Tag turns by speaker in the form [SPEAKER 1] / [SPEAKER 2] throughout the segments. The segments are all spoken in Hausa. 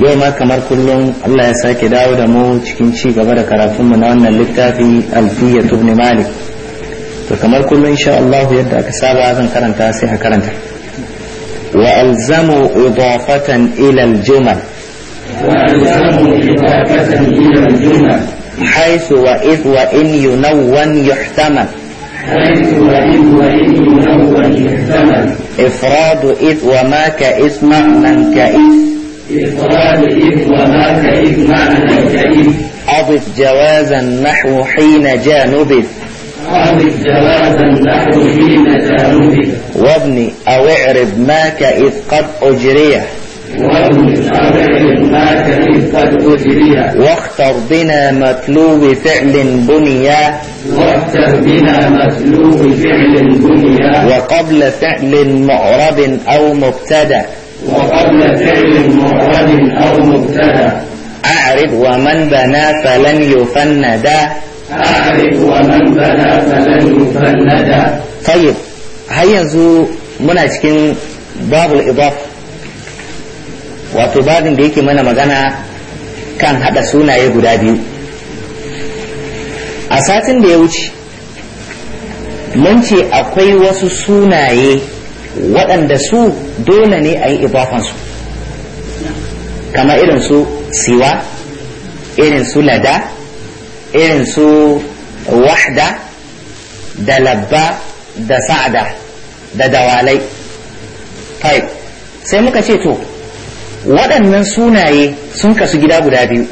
[SPEAKER 1] yau ma kamar kullum Allah ya sake dawo da mu cikin ci gaba da karatunmu na wannan littafi alfiya tubni malik to kamar kullum insha Allah yadda aka saba zan karanta sai a karanta wa alzamu idafatan ila aljumal حيث وإذ وإن ينون يحتمل حيث وإذ وإن ينون يحتمل إفراد إذ وما كإسمع من كإسم أضف جوازا نحو حين جاء نبذ
[SPEAKER 2] أضف جوازا نحو
[SPEAKER 1] حين جاء نبذ وابني أو اعرض ما كإذ قد أجريه واختر بنا مطلوب فعل بنيا واختر بنا مطلوب فعل بنيا وقبل فعل معرب أو مبتدأ وقبل فعل معرض أو مبتدا أعرض ومن بنى فلن يفندا أعرض ومن بنى فلن يفندا طيب هل ينزو muna cikin babul idaf wato babin da yake mana magana kan haɗa sunaye guda biyu a satin da ya wuce mun ce akwai wasu sunaye waɗanda su dole ne a yi ibafansu kama irin su siwa irin su lada irin su wahda da labba da sa'ada da dawalai five sai muka ce to waɗannan sunaye sun kasu gida guda biyu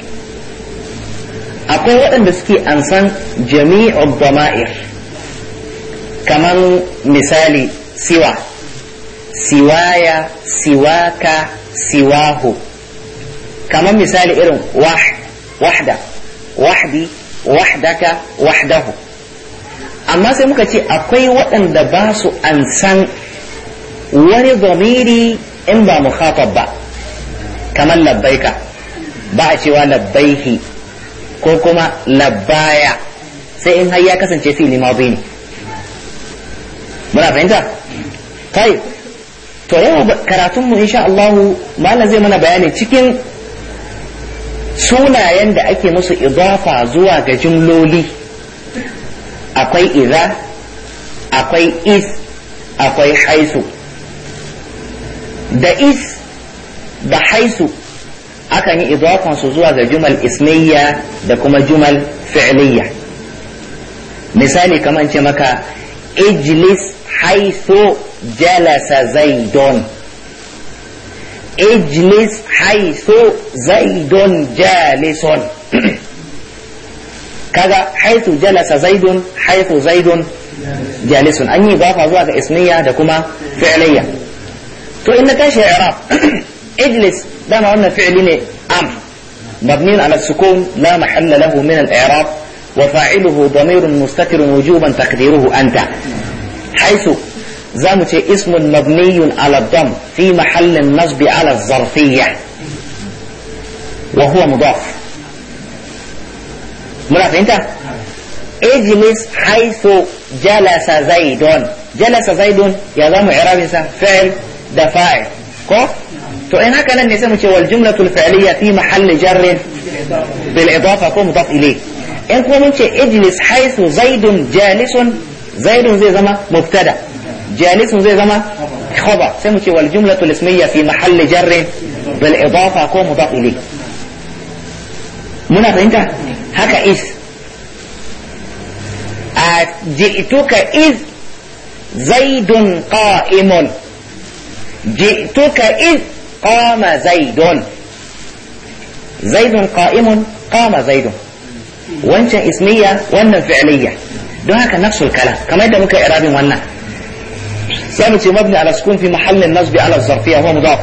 [SPEAKER 1] akwai waɗanda suke ansan jami'ar dama'ir kamar misali siwa siwaya siwaka siwahu kamar misali irin wahda wahdi wahdaka wahdahu amma sai muka ce akwai waɗanda ba su an san wani domiri in ba mukhatab ba kamar labbaika ba a cewa labbaihi ko kuma labbaya sai in har ya kasance fili ma ne muna fahimta tayi to yau karatun mu insha Allah malam zai mana bayani cikin sunayen da ake musu idafa zuwa ga jimloli akwai iza akwai is akwai haisu da is da haisu akan yi su zuwa ga jumal ismiyya da kuma jumal fi'liyya misali kamar ce maka ijlis haisu جلس زيد اجلس حيث زيد جالس كذا حيث جلس زيد حيث زيد جالس اني ضاف ضاف اسميه دكما فعليه تو ان كان اعراب اجلس ده ما قلنا فعل امر مبني على السكون لا محل له من الاعراب وفاعله ضمير مستتر وجوبا تقديره انت حيث za اسم مبني على الضم في محل النصب على الظرفية وهو مضاف مضاف انت اجلس حيث جلس زيد جلس زيد يا زام إعرابسا فعل دفاعل كو تو إن هكذا نسمي والجملة الفعلية في محل جر بالإضافة كو مضاف إليه إن كو منش اجلس حيث زيد جالس زيد زي زما مبتدأ jalisun zai zama khabar sai mu ce wal jumlatu fi mahalli jarri bil idafa ko mudaf ilayh muna fahimta haka is a ji'tuka iz zaidun qa'imun ji'tuka iz qama zaidun zaidun qa'imun wannan fi'liya don haka nafsul kala kamar da muka irabin wannan سامت مبني على سكون في محل النصب على الظرفية هو مضاف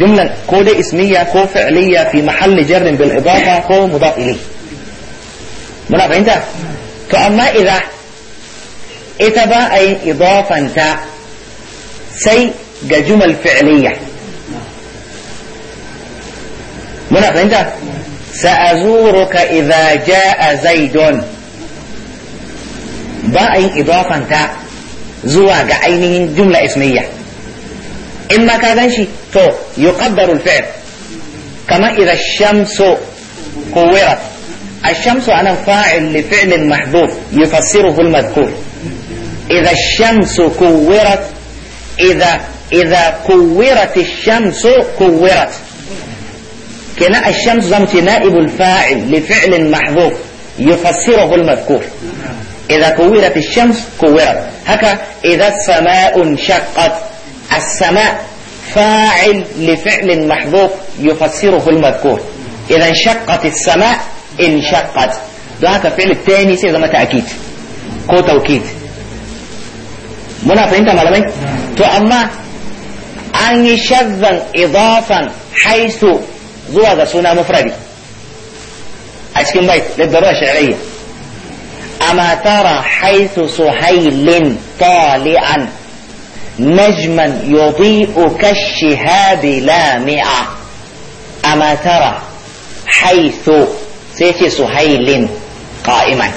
[SPEAKER 1] جملة كو اسمية كو فعلية في محل جر بالإضافة كو مضاف إليه منا فهمت فأما إذا اتبع أي إضافة تا سي جمل فعلية منا فهمت سأزورك إذا جاء زيد باء إضافة تا زواج عينين جملة اسمية إما in ma تو يقدر الفعل كما إذا الشمس fil الشمس أنا فاعل لفعل محذوف يفسره المذكور إذا الشمس كورت إذا إذا كورت الشمس كورت كنا الشمس زمت نائب الفاعل لفعل محذوف يفسره المذكور إذا كورت الشمس كورت هكا إذا السماء انشقت السماء فاعل لفعل محبوب يفسره المذكور إذا انشقت السماء انشقت ده هكا فعل التاني سيزا ما تأكيد كو توكيد منافع انت مالبين تو أما أن يشذا إضافا حيث زوغ سنة مفردي أشكين بيت للدراسة الشرعية amatara haisu su hailin tali'an najman yobi ukashi habi lami'a amatara haisu sai ce su hailin ka'iman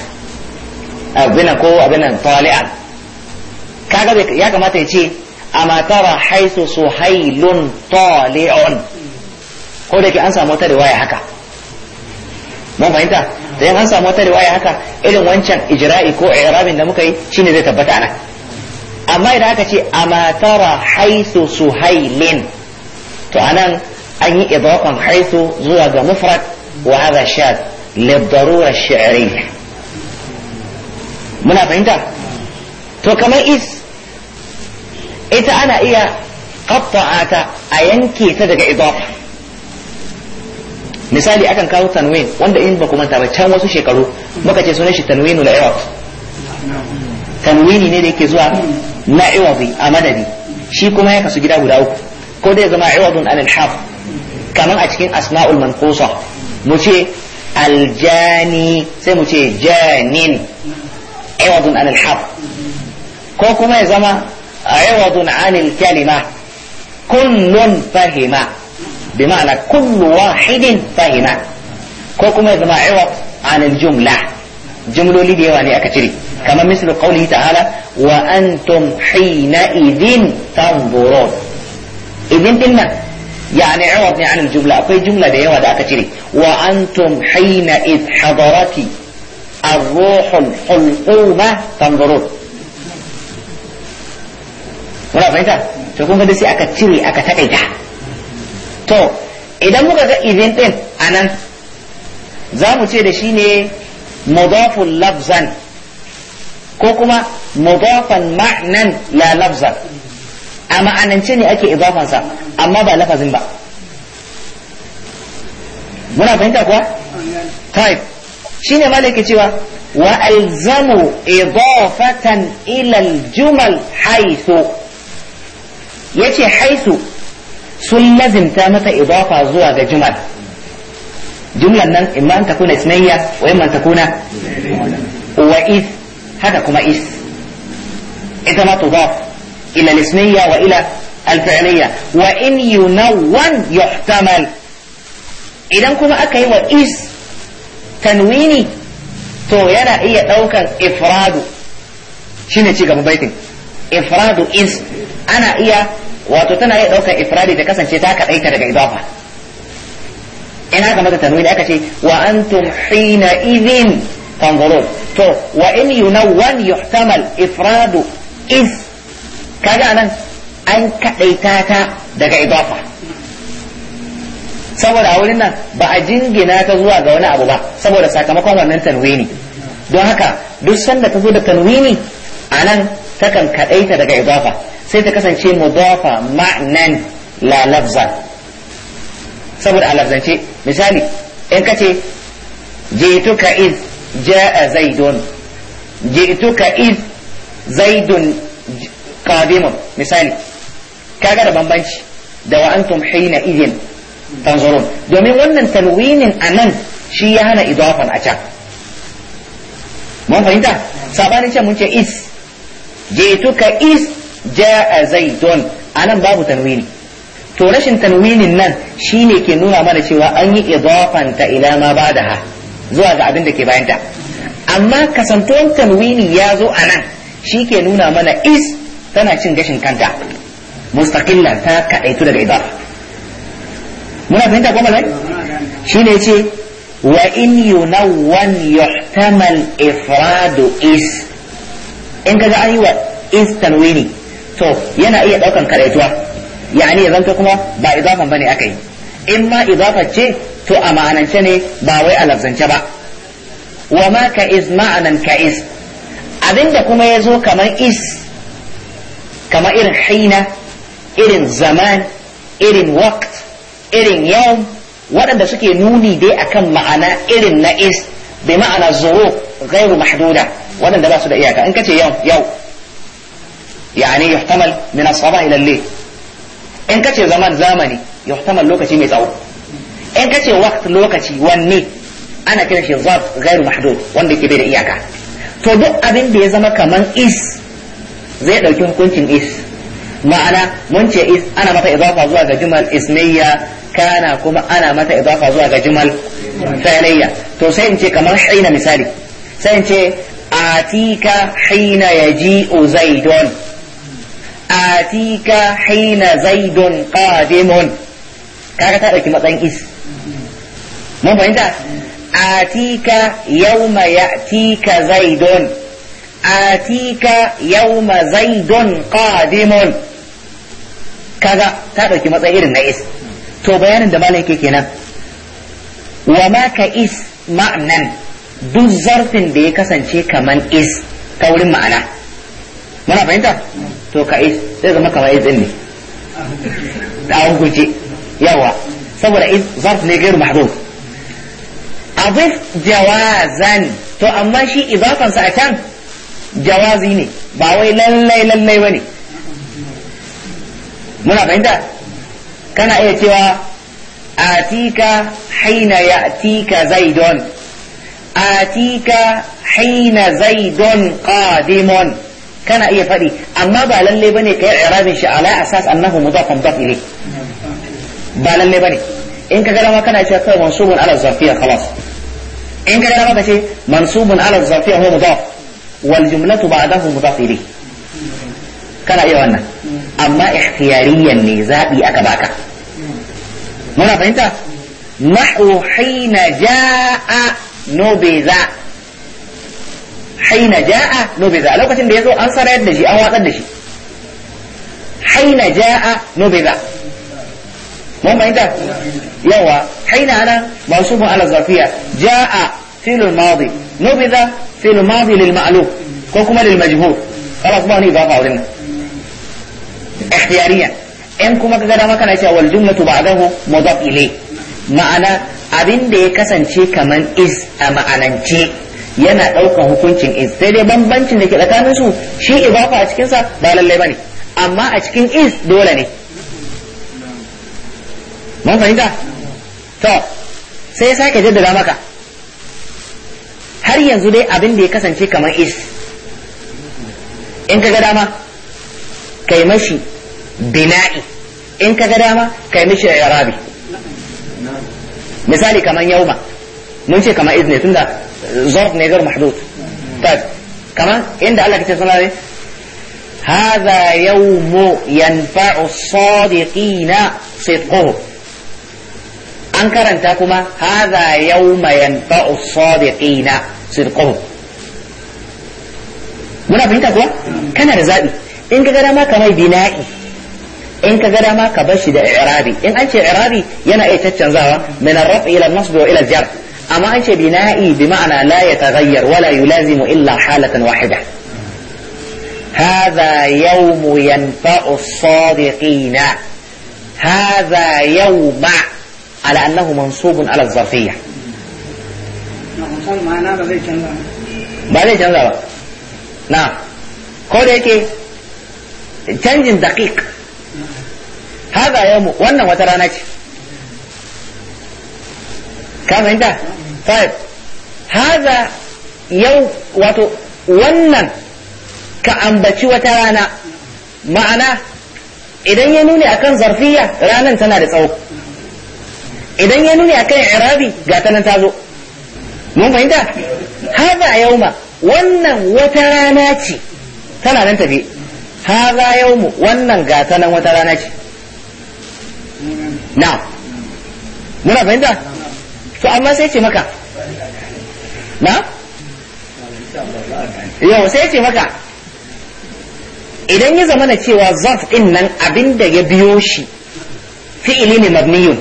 [SPEAKER 1] abin ko abin tali'an kaga ya kamata ya ce amatara haisu su hailun tali'un ko da ke an samu ta riwaya haka mun fahimta da an samu wata riwaya haka irin wancan ijra'i ko i'rabin da muka yi shine zai tabbata nan amma idan aka ce amatara haisu suhailin to anan an yi idafan haisu zuwa ga mufrad wa hadha shad للضرورة shi'riyya muna fahimta to kamar is ita ana iya qatta'ata a yanke ta daga idafa misali akan kawo tanwin wanda in ba ku manta ba can wasu shekaru muka ce sunan shi tanwinul iraq tanwini ne da yake zuwa na iwazi a madadi shi kuma ya kasu gida guda uku ko dai zama iwazun an alhaf kaman a cikin asma'ul manqusa mu ce aljani sai mu ce janin iwazun an alhaf ko kuma ya zama iwazun an alkalima kullun fahima بمعنى كل واحد فهنا كوكما يزمع عوض عن الجملة جملة لدي واني أكتري كما مثل قوله تعالى وأنتم حينئذ تنظرون إذن تلنا يعني عوض عن الجملة في جملة دي واني أكتري وأنتم حينئذ حضرتي الروح الحلقومة تنظرون ولا فإنسا تكون فدسي أكتري أكتري أكتري to idan muka ga izin din nan za mu ce da shi ne mudafun lafzan ko kuma mudafan ma'nan la lafzan a ma'anance ne ake idafansa amma ba lafazin ba muna fahimta kuwa طيب شين مالك تيوا والزموا ilal jumal الجمل ya ce haisu. sun lazimta masa idafa zuwa ga jumal jumlan nan imma an takuna isnayya wa imma takuna wa is haka kuma is ita ma tudaf ila al wa ila al wa in yunawwan yuhtamal idan kuma aka yi wa is tanwini to yana iya daukan ifradu shine ci gaba baitin ifradu is ana iya wato tana iya ɗaukar ifradi da kasance ta kaɗaita daga idafa in aka mata tanwini aka ce wa antum hina idhin tanzurun to wa in yunawwan yuhtamal ifradu iz kaga anan an kaɗaita ta daga idafa saboda a wurin nan ba a jingina ta zuwa ga wani abu ba saboda sakamakon wannan tanwini don haka duk sanda ta zo da tanwini anan takan kaɗaita daga idafa sai ta kasance mudafa ma'nan la lafzan saboda a lafzance misali in ka ce jituka iz ja'a zaidun jituka iz zaidun qadimun misali kaga da bambanci da wa antum hina idin tanzurun domin wannan tanwinin anan shi ya hana idafan a can mun fahimta sabanin can mun ce is jituka ja'a zaidun anan babu tanwini to rashin tanwinin nan shine ke nuna mana cewa an yi idafan ta ila ma ba'daha zuwa ga abin da ke bayanta amma kasantuwan tanwini ya zo a nan shi ke nuna mana is tana cin gashin kanta mustaqilla ta kaɗaitu daga idafa muna fahimta kuma ne shine ce wa in yunawwan yuhtamal ifradu is in kaga an yi wa is tanwini to yana iya daukan karaituwa yani ya zanto kuma ba idafan bane yi in ma idafa ce to a ma'anance ne ba wai a lafzance ba wa ma ka iz ma'anan ka abinda kuma ya zo kamar is kamar irin haina irin zaman irin waqt irin yau waɗanda suke nuni dai akan ma'ana irin na is bi ma'ana zuru ghairu mahduda waɗanda ba su da iyaka in kace yau yau yani yuhtamal min as-sabah ila al-layl in kace zaman zamani yuhtamal lokaci mai tsawo in kace waqt lokaci wanne ana kiran shi zarf ghairu mahdud wanda ke da iyaka to duk abin da ya zama kaman is zai ɗauki hukuncin is ma'ana mun ce is ana mata idafa zuwa ga jumal ismiyya kana kuma ana mata idafa zuwa ga jumal fi'liyya to sai in ce kamar hina misali sai in ce atika hina yaji'u zaidun atika hina zaidun qadimun kaga ta dauki matsayin is mun fahimta atika yawma ya'tika zaidun atika yawma zaidun qadimun kaga ta dauki matsayin irin na is to bayanin da malai yake kenan wa ma ka is ma'anan duk zarfin da ya kasance kaman is ta wurin ma'ana muna fahimta to ka is sai zama kamar is din ne da an yawa saboda is zarf ne gairu mahdhuf adif jawazan to amma shi idafan sa a can jawazi ne ba wai lallai lallai bane muna fahimta kana iya cewa atika haina ya'tika zaidon atika haina zaidon ƙadimon. kana iya faɗi amma ba lalle bane kai i'rabin shi ala asas annahu mudaf mudaf ilayh ba lalle bane in ka gara dama kana cewa kai mansubun ala zarfiyya khalas in ka ga dama kace mansubun ala zarfiyya huwa mudaf wal jumlatu ba'dahu mudaf ilayh kana iya wannan amma ikhtiyariyan ne zabi aka baka muna fahimta nahwu hina jaa no be haina ja'a nubiza a lokacin da ya zo an sarayar da shi an watsar da shi haina ja'a nubiza mun fahimta yawa haina ana mansubun ala zafiya ja'a filul madi nubiza filul madi lil ko kuma lil majhul خلاص ba ni ba fa in kuma kaga dama kana cewa wal jumlatu ba'dahu ma'ana abinda ya kasance kaman is a ma'anance yana ɗaukan hukuncin is sai dai bambancin da ke tsakanin su shi idafa a cikinsa ba lallai bane amma a cikin is dole ne mun fahimta to sai ya sake jaddada maka har yanzu dai abin da ya kasance kamar is in ka ga dama kai mashi bina'i in ka ga dama kai mashi irabi misali kamar yauma mun ce kamar iz ne tunda zarf ne gar mahdud طيب كمان عند قال لك انت صلاه هذا يوم ينفع الصادقين صدقهم an karanta kuma haza yawma yanfa'u sadiqina sirquhum muna fahimta kuwa kana da zabi in ka gada ma ka mai bina'i in ka gada ma ka bar shi da i'rabi in an ce i'rabi yana iya caccanzawa min ar-raf ila an-nasb wa ila al-jar أما أنت بنائي بمعنى لا يتغير ولا يلازم إلا حالة واحدة هذا يوم ينفع الصادقين هذا يوم على أنه منصوب على الظرفية ما zai canza ba na ko da yake canjin daƙiƙ haza yau ka fahimta tayyib haza yau wato wannan ka ambaci wata rana ma'ana idan ya nuni akan zarfiya ranan tana da tsawo idan ya nuni akan irabi ga ta nan tazo mun fahimta haza yauma wannan wata rana ce tana nan tafi haza yaumu wannan ga ta nan wata rana ce na muna fahimta to amma sai ce maka na yau sai ce maka idan ya zama na cewa zaf din nan abinda ya biyo shi fi'ili ne mabniyun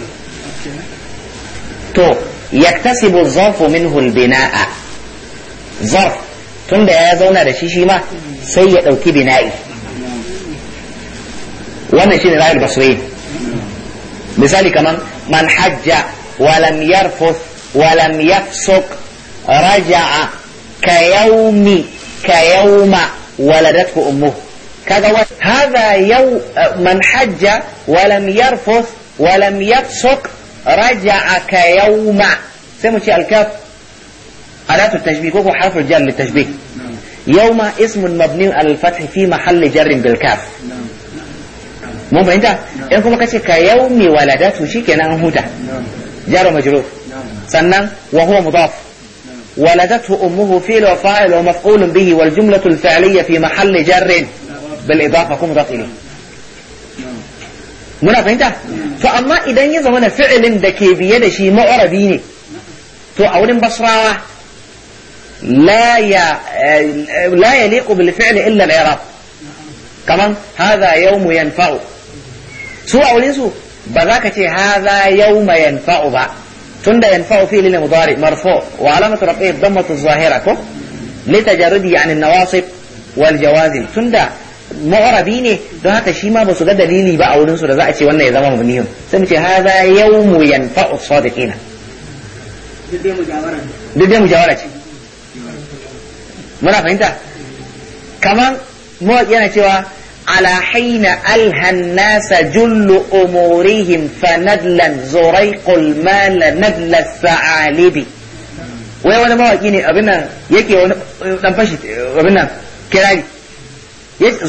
[SPEAKER 1] to yaktasibu zafu minhu al-bina'a zarf tunda ya zauna da shi shi ma sai ya dauki bina'i wannan shine ra'ayul basri misali kaman man hajja ولم يرفث ولم يفسق رجع كيوم كيوم ولدته أمه كذا هذا يوم من حج ولم يرفث ولم يفسق رجع كيوم شيء الكاف أداة التشبيه كوكو حرف الجر للتشبيه نعم. يوم اسم مبني على الفتح في محل جر بالكاف نعم. نعم. مو بعيدة إنكم كتير كيوم ولدته شيء كنا هدى جار مجرور سنن وهو مضاف ولدته أمه فيل وفائل ومفعول به والجملة الفعلية في محل جر بالإضافة كم رقيل منا فهمت فأما إذا يزمن فعل دكي بيد شيء ما عربيني تو أول بصرة لا لا يليق بالفعل إلا العراق كمان هذا يوم ينفع سوى أول ba za ka ce haza yau yawma yanfa'u ba tunda yanfa'u fi'li ne mudari marfu wa alamatu rafi'i dhammatu zahira ko litajarrudi an an-nawasib wal jawazim tunda mu'rabi ne don haka shi ma ba su ga dalili ba a wurin su da za a ce wannan ya zama mabniyun sai mu ce haza yau yawmu yanfa'u sadiqina duk dai mujawara ce muna fahimta kamar mawaƙi yana cewa على حين ألهى الناس جل أمورهم فندلا زريق المال ندل الثعالب wai wani mawaki ne abin nan yake wani dan fashi abin nan kirari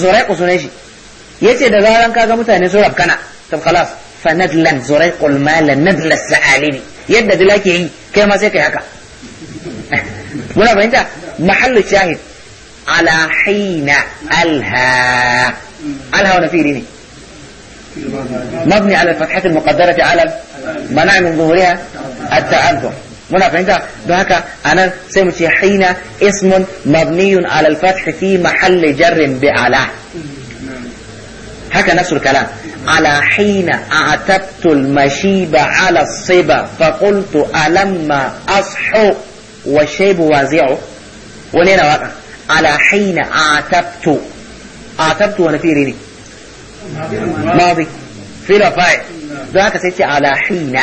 [SPEAKER 1] zurai ku sunan shi yace da zaran kaga mutane su rabkana tab khalas fa nadlan zurai qul nadla sa'alini yadda dila yi kai ma sai kai haka muna fahimta mahallu shahid على حين الها الها هنا في ريني مبني على الفتحة المقدرة على منع من ظهورها التعذر هنا فانت بهك انا سمت حين اسم مبني على الفتح في محل جر بعلا هكا نفس الكلام على حين اعتبت المشيب على الصبا فقلت ألم أصحو والشيب وازعه ولينا وقت على حين عاتبت عاتبت وانا في ريني ماضي في لفاية ذاك سيتي على حين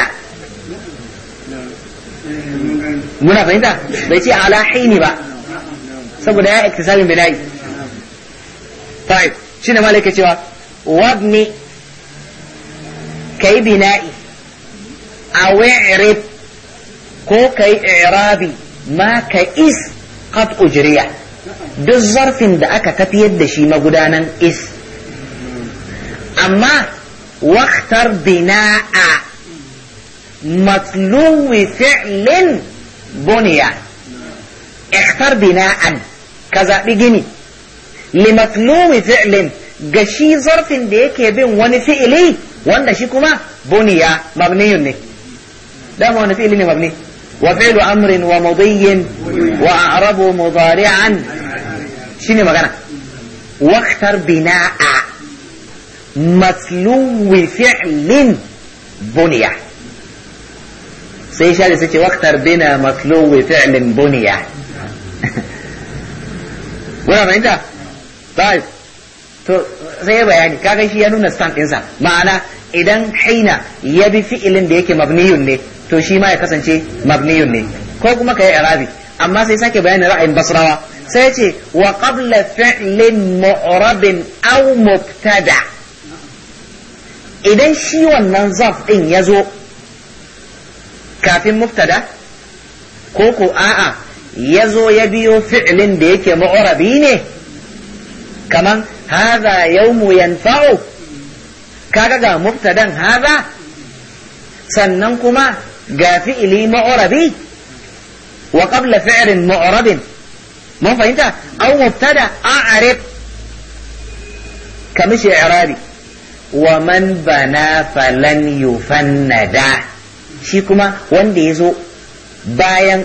[SPEAKER 1] منا فهمت بيتي على حين بقى سبب ده اكتسابي بناي طيب شنو مالك يا شباب وابني كي بنائي أو اعرب كو كي إعرابي ما كي قد أجريه duk zarfin da aka tafiyar da shi magudanan is amma waktar bina'a matluwi fi'lin buniya ikhtar bina'an ka zaɓi gini limatluwi fi'lin ga shi zarfin da yake bin wani fi'ili wanda shi kuma buniya mabniyun ne dama wani fi'ili ne mabni wa أمر wa وأعرب مضارعا shine magana waktar bina'a matluwi fi'lin buniya sai shari su ce waktar bina matluwi fi'lin buniya wani fahimta ba to sai ya bayani kaga shi ya nuna stand ɗinsa ma'ana idan haina ya bi fi'ilin da yake mabniyun ne to shi ma ya kasance mabniyun ne ko kuma ka yi arabi amma sai sake bayanin ra'ayin basrawa sai ce wa qabla fi'lin mu'rabin aw mubtada idan shi wannan zaf din ya zo kafin mubtada ko ko a'a ya zo ya biyo fi'lin da yake mu'rabi ne kaman hadha yawmu yanfa'u kaga ga mubtadan haza. sannan kuma ga fi'ili mu'rabi wa qabla fi'lin mu'rabin mun fahimta aw mubtada a'rib kamishi i'rabi wa man bana falan yufannada shi kuma wanda yazo bayan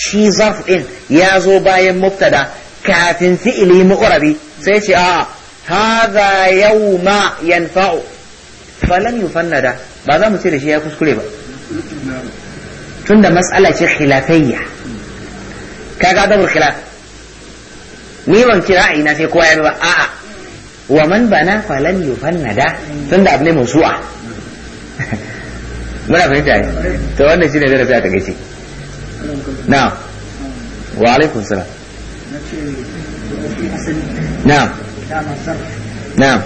[SPEAKER 1] shi zarf din ya zo bayan muftada kafin fi'ili mu'rabi sai ce a hadha yawma yanfa'u falan yufannada ba za mu ci da shi ya kuskure ba tunda mas'ala ce khilafiyya kaga adabul khilaf ni ban ce ra'ayi na sai kowa ya ba a'a wa man bana falan yufannada tunda abu ne mawsu'a muna fahimta ne to wannan shine darasi a takeice na'am wa alaikum salam na'am na'am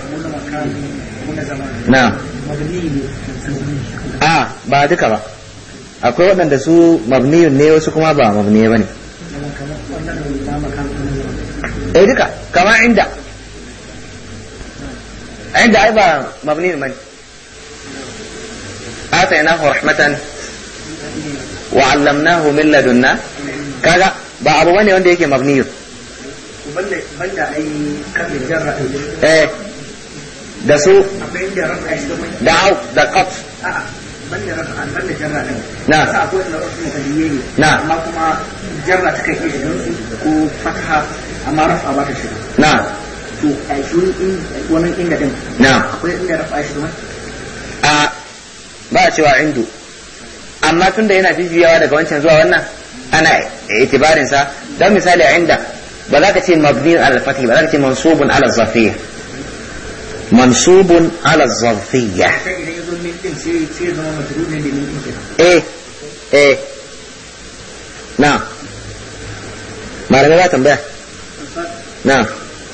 [SPEAKER 1] na'am a ba duka ba akwai waɗanda su mabniyun ne wasu kuma ba mabniye ba ne eh duka kama inda inda ai ba mabni ne atainahu rahmatan wa 'allamnahu min ladunna kaga ba abu bane wanda yake mabni banda ai kan jarra eh da su da au da a'a banda jarra na na na amma kuma jarra ta kai iya gamsu ko fatha amma rafa ba ta shiga na to a shi wani inda din na akwai inda rafa shi ma a ba a cewa indu amma da yana jijiyawa daga wancan zuwa wannan ana ah, eh, itibarin sa don misali a inda ba za ka ce mabni ala fathi ba za ka ce mansubun ala zafiyya mansubun ala zafiyya eh eh na malamai ba tambaya na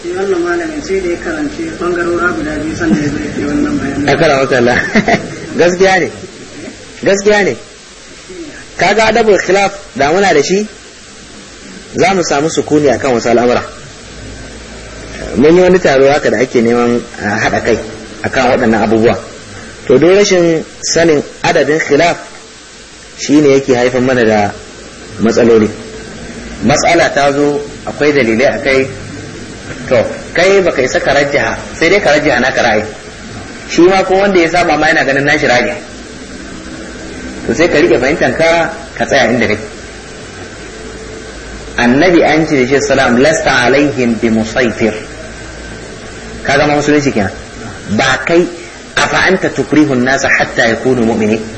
[SPEAKER 1] shi wannan malamin sai da ya karanci bangarora guda biyu sanda ya zai ke wannan bayanin akala allah gaskiya ne gaskiya ne kaga adabul khilaf da muna da shi za mu samu sukuni akan wasu al'amura mun yi wani taro haka da ake neman haɗa kai akan waɗannan abubuwa to don rashin sanin adadin khilaf shine yake haifar mana da matsaloli matsala ta zo akwai dalilai a kai to kai baka isa ka rajjaha sai dai ka rajjaha naka shi ma ko wanda ya saba ma yana ganin nashi ra'ayi to sai ka rike fahimtar ka ka tsaya inda kai annabi an ce da shi salam lasta alaihim bi musaitir ka zama musulunci kenan ba kai afa anta tukrihun nasa hatta yakunu mu'minin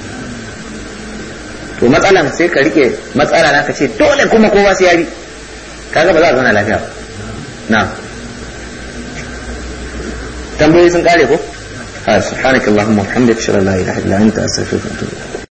[SPEAKER 1] to matsalan sai ka rike matsala na ka ce dole kuma kowa sai yari bi kaga ba za a zauna lafiya na tambayoyi sun kare ko subhanakallahumma wa bihamdika ashhadu la ilaha illa anta astaghfiruka wa atubu